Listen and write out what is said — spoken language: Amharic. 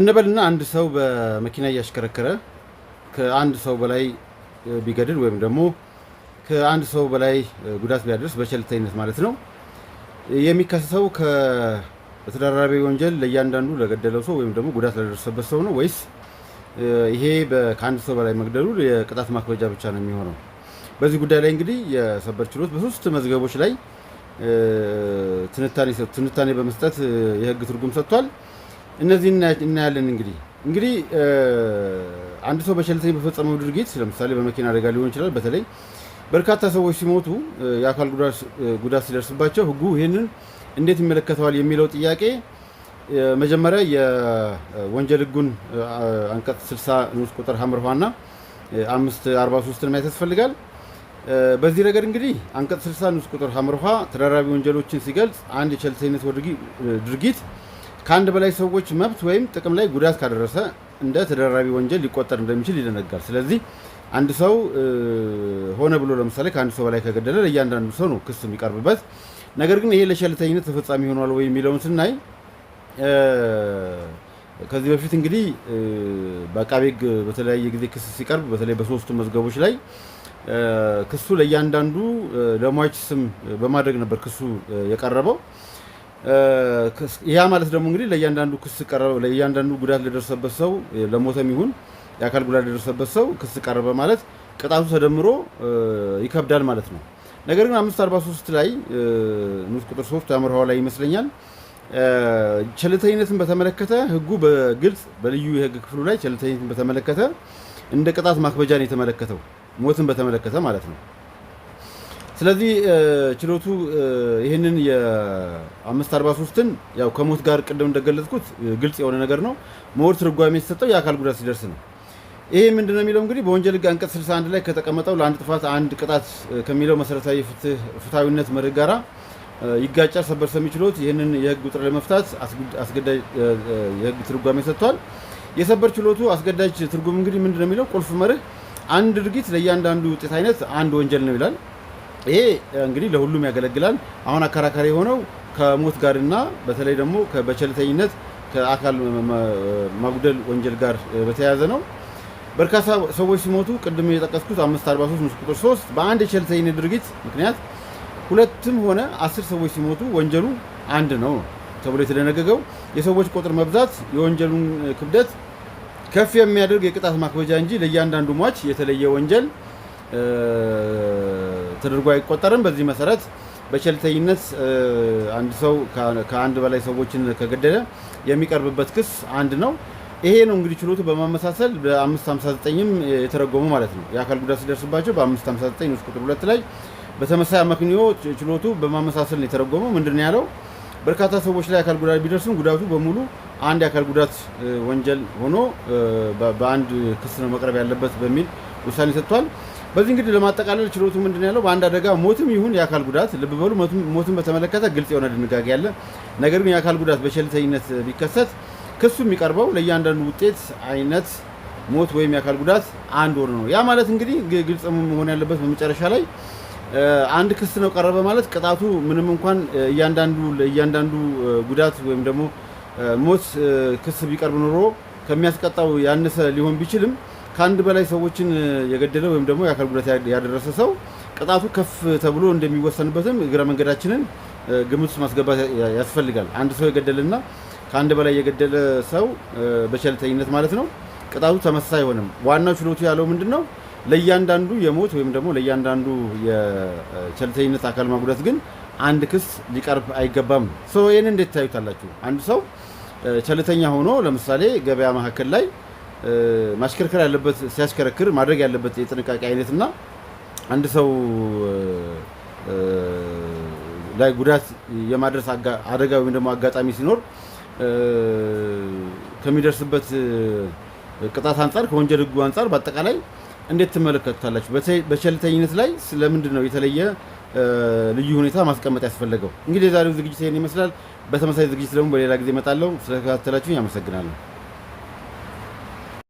እንበልና አንድ ሰው በመኪና እያሽከረከረ ከአንድ ሰው በላይ ቢገድል ወይም ደግሞ ከአንድ ሰው በላይ ጉዳት ቢያደርስ በቸልተኝነት ማለት ነው የሚከሰሰው በተደራራቢ ወንጀል ለእያንዳንዱ ለገደለው ሰው ወይም ደግሞ ጉዳት ለደረሰበት ሰው ነው ወይስ ይሄ ከአንድ ሰው በላይ መግደሉ የቅጣት ማክበጃ ብቻ ነው የሚሆነው? በዚህ ጉዳይ ላይ እንግዲህ የሰበር ችሎት በሶስት መዝገቦች ላይ ትንታኔ በመስጠት የህግ ትርጉም ሰጥቷል። እነዚህ እናያለን። እንግዲህ እንግዲህ አንድ ሰው በቸልተኝነት በፈጸመው ድርጊት ለምሳሌ በመኪና አደጋ ሊሆን ይችላል። በተለይ በርካታ ሰዎች ሲሞቱ የአካል ጉዳት ሲደርስባቸው ህጉ ይህንን እንዴት ይመለከተዋል የሚለው ጥያቄ መጀመሪያ የወንጀል ህጉን አንቀጽ 60 ንዑስ ቁጥር ሀምርኋና አምስት 43 ሶስትን ማየት ያስፈልጋል። በዚህ ረገድ እንግዲህ አንቀጽ 60 ንዑስ ቁጥር ሀምርኋ ተደራራቢ ወንጀሎችን ሲገልጽ አንድ የቸልተኝነት ድርጊት ከአንድ በላይ ሰዎች መብት ወይም ጥቅም ላይ ጉዳት ካደረሰ እንደ ተደራቢ ወንጀል ሊቆጠር እንደሚችል ይደነጋል። ስለዚህ አንድ ሰው ሆነ ብሎ ለምሳሌ ከአንድ ሰው በላይ ከገደለ ለእያንዳንዱ ሰው ነው ክስ የሚቀርብበት። ነገር ግን ይሄ ለቸልተኝነት ተፈጻሚ ሆኗል ወይ የሚለውን ስናይ ከዚህ በፊት እንግዲህ በአቃቤ ሕግ በተለያየ ጊዜ ክስ ሲቀርብ በተለይ በሶስቱ መዝገቦች ላይ ክሱ ለእያንዳንዱ ለሟች ስም በማድረግ ነበር ክሱ የቀረበው። ያ ማለት ደግሞ እንግዲህ ለእያንዳንዱ ክስ ቀረበ፣ ለእያንዳንዱ ጉዳት ለደረሰበት ሰው ለሞተም ይሁን የአካል ጉዳት ለደረሰበት ሰው ክስ ቀረበ ማለት ቅጣቱ ተደምሮ ይከብዳል ማለት ነው። ነገር ግን 543 ላይ ንዑስ ቁጥር 3 አምርሃው ላይ ይመስለኛል ቸልተኝነትን በተመለከተ ህጉ በግልጽ በልዩ የህግ ክፍሉ ላይ ቸልተኝነትን በተመለከተ እንደ ቅጣት ማክበጃ ነው የተመለከተው ሞትን በተመለከተ ማለት ነው። ስለዚህ ችሎቱ ይህንን የአምስት አርባ ሶስትን ያው ከሞት ጋር ቅድም እንደገለጽኩት ግልጽ የሆነ ነገር ነው። ሞት ትርጓሜ የተሰጠው የአካል ጉዳት ሲደርስ ነው። ይሄ ምንድን ነው የሚለው እንግዲህ በወንጀል ሕግ አንቀጽ 61 ላይ ከተቀመጠው ለአንድ ጥፋት አንድ ቅጣት ከሚለው መሰረታዊ ፍትሐዊነት መርህ ጋራ ይጋጫል። ሰበር ሰሚ ችሎት ይህንን የህግ ውጥረት ለመፍታት አስገዳጅ የህግ ትርጓሜ ሰጥቷል። የሰበር ችሎቱ አስገዳጅ ትርጉም እንግዲህ ምንድን ነው የሚለው ቁልፍ መርህ አንድ ድርጊት ለእያንዳንዱ ውጤት አይነት አንድ ወንጀል ነው ይላል። ይሄ እንግዲህ ለሁሉም ያገለግላል። አሁን አከራካሪ የሆነው ከሞት ጋር በተለይ ደግሞ በቸልተኝነት ከአካል ማጉደል ወንጀል ጋር በተያያዘ ነው። በርካታ ሰዎች ሲሞቱ ቅድም የጠቀስኩት 543 ንዑስ ቁጥር 3 በአንድ የቸልተኝነት ድርጊት ምክንያት ሁለትም ሆነ አስር ሰዎች ሲሞቱ ወንጀሉ አንድ ነው ተብሎ የተደነገገው የሰዎች ቁጥር መብዛት የወንጀሉን ክብደት ከፍ የሚያደርግ የቅጣት ማክበጃ እንጂ ለእያንዳንዱ ሟች የተለየ ወንጀል ተደርጎ አይቆጠርም። በዚህ መሰረት በቸልተኝነት አንድ ሰው ከአንድ በላይ ሰዎችን ከገደለ የሚቀርብበት ክስ አንድ ነው። ይሄ ነው እንግዲህ ችሎቱ በማመሳሰል በ559ም የተረጎሙ ማለት ነው። የአካል ጉዳት ሲደርስባቸው በ559 ንዑስ ቁጥር ሁለት ላይ በተመሳሳይ አመክንዮ ችሎቱ በማመሳሰል ነው የተረጎመው። ምንድን ነው ያለው? በርካታ ሰዎች ላይ አካል ጉዳት ቢደርስም ጉዳቱ በሙሉ አንድ የአካል ጉዳት ወንጀል ሆኖ በአንድ ክስ ነው መቅረብ ያለበት በሚል ውሳኔ ሰጥቷል። በዚህ እንግዲህ ለማጠቃለል ችሎቱ ምንድን ያለው በአንድ አደጋ ሞትም ይሁን የአካል ጉዳት ልብ በሉ፣ ሞትም በተመለከተ ግልጽ የሆነ ድንጋጌ አለ። ነገር ግን የአካል ጉዳት በቸልተኝነት ቢከሰት ክሱ የሚቀርበው ለእያንዳንዱ ውጤት አይነት ሞት ወይም የአካል ጉዳት አንድ ወር ነው። ያ ማለት እንግዲህ ግልጽ መሆን ያለበት በመጨረሻ ላይ አንድ ክስ ነው ቀረበ ማለት ቅጣቱ ምንም እንኳን እያንዳንዱ ለእያንዳንዱ ጉዳት ወይም ደግሞ ሞት ክስ ቢቀርብ ኖሮ ከሚያስቀጣው ያነሰ ሊሆን ቢችልም ከአንድ በላይ ሰዎችን የገደለ ወይም ደግሞ የአካል ጉዳት ያደረሰ ሰው ቅጣቱ ከፍ ተብሎ እንደሚወሰንበትም እግረ መንገዳችንን ግምት ውስጥ ማስገባት ያስፈልጋል። አንድ ሰው የገደለና ከአንድ በላይ የገደለ ሰው በቸልተኝነት ማለት ነው ቅጣቱ ተመሳሳይ አይሆንም። ዋናው ችሎቱ ያለው ምንድን ነው? ለእያንዳንዱ የሞት ወይም ደግሞ ለእያንዳንዱ የቸልተኝነት አካል ማጉዳት ግን አንድ ክስ ሊቀርብ አይገባም። ይህን እንዴት ታዩታላችሁ? አንድ ሰው ቸልተኛ ሆኖ ለምሳሌ ገበያ መካከል ላይ ማሽከርከር ያለበት ሲያሽከረክር ማድረግ ያለበት የጥንቃቄ አይነት እና አንድ ሰው ላይ ጉዳት የማድረስ አደጋ ወይም ደግሞ አጋጣሚ ሲኖር ከሚደርስበት ቅጣት አንጻር ከወንጀል ሕጉ አንጻር በአጠቃላይ እንዴት ትመለከቱታላችሁ? በቸልተኝነት ላይ ስለምንድን ነው የተለየ ልዩ ሁኔታ ማስቀመጥ ያስፈለገው? እንግዲህ የዛሬው ዝግጅት ይህን ይመስላል። በተመሳሳይ ዝግጅት ደግሞ በሌላ ጊዜ እመጣለሁ። ስለተከታተላችሁኝ አመሰግናለሁ።